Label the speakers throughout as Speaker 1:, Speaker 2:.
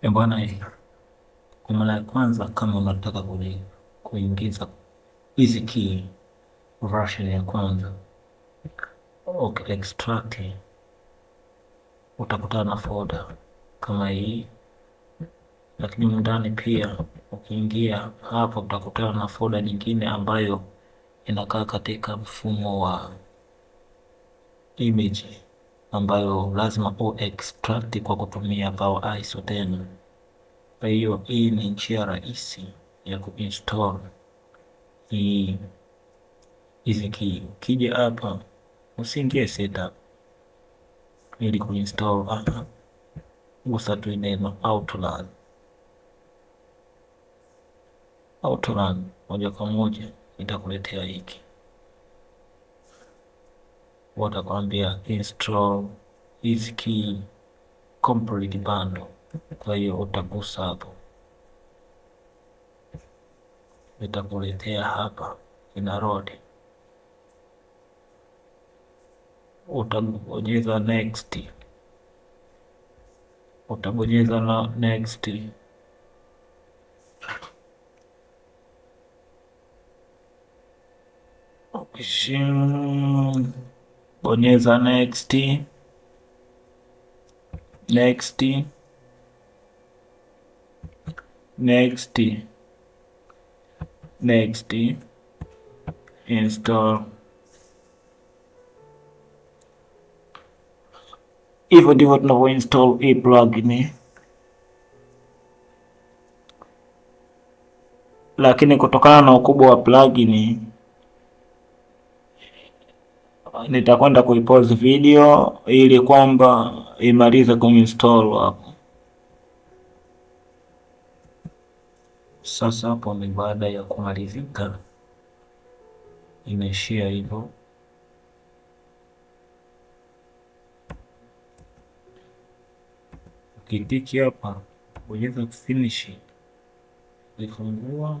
Speaker 1: E bwana, kwa mara ya kwanza, kama unataka kuingiza hizi key version ya kwanza okay, extract utakutana na folder kama hii, lakini mndani pia ukiingia hapo utakutana na folder nyingine ambayo inakaa katika mfumo wa image ambayo lazima u-extract kwa kutumia Power Iso10. Kwa hiyo hii ni njia rahisi ya kuinstall hii hizi key. Ukija hapa usiingie setup ili kuinstall hapa, gusa tu neno outrun, outrun moja kwa moja itakuletea hiki watakwambia install hizi key complete bundle. Kwa hiyo utagusa hapo, itakuletea hapa ina rodi utabonyeza next, utabonyeza na next ukisha bonyeza next, next, next, next, install. Hivyo ndivyo tunavyo install hii plugin. Lakini kutokana na ukubwa wa plugin nitakwenda kuipause video ili kwamba imalize kuinstall hapo. Sasa hapo ni baada ya kumalizika, imeishia hivyo. Ukitiki hapa bonyeza finish, ifungua.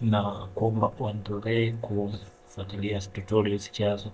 Speaker 1: na kuomba uendelee kufuatilia tutorials zijazo.